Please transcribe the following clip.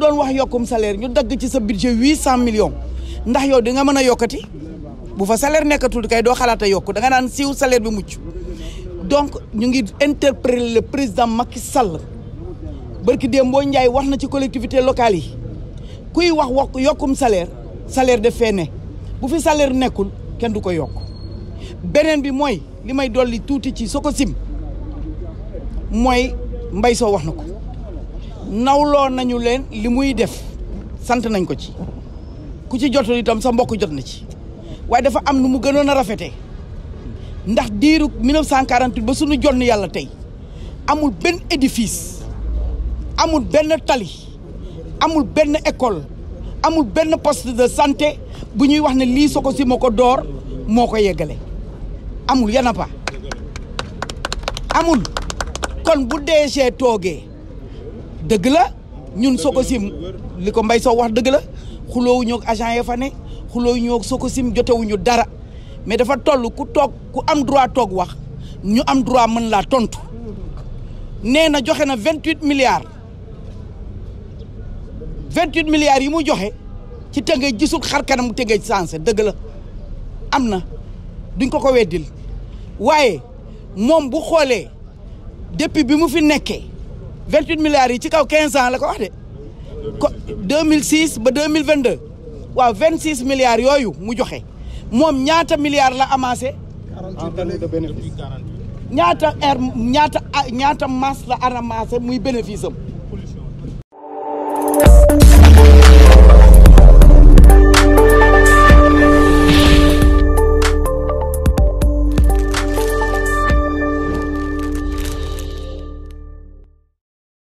doon wax yokkum salaire ñu dagg ci sa budget huit cent millions ndax yow di nga mën a yokkati bu fa salaire nekkatul kay doo xalaat a yokk da nga naan siiw salaire bi mucc donc ñu ngi interpeller le président Macky Sall barki Dembo Ndiaye wax na ci collectivité locale yi kuy wax wax yokkum salaire salaire daf fee ne bu fi salaire nekkul kenn du ko yokk beneen bi mooy li may dolli tuuti ci sim mooy mbay soo wax na ko. nawloo nañu leen li muy def sant nañ ko ci ku ci jotul itam sa mbokk jot na ci waaye dafa am nu mu gënoon a rafetee ndax diiru 1948 ba suñu jonn yàlla tey amul benn édifice amul benn tali amul benn école amul benn poste de santé bu ñuy wax ne lii so ko si ma ko door moo ko yeggale amul yana pa amul kon bu DG toogee dëgg la ñun Sococim li ko mbay soo wax dëgg la xuloowuñu ak agent ya fa ne xuloo xuloowuñu ak Sococim jotewuñu dara mais dafa toll ku toog ku am droit toog wax ñu am droit mën laa tontu nee na joxe na vingt huit milliards vingt huit milliards yi mu joxe ci Tëngéej gisul xar kanam Tëngéej sansé dëgg la am na duñ ko ko weddil waaye moom bu xoolee depuis bi mu fi nekkee 28 milliards yi ci kaw quinze ans la ko wax de. ko 2006 ba mille 2022 waaw 26 milliards yooyu mu joxe moom ñaata milliards la amassé. 48 de bénéfice ñaata ñaata masse la amassé muy bénéfice am.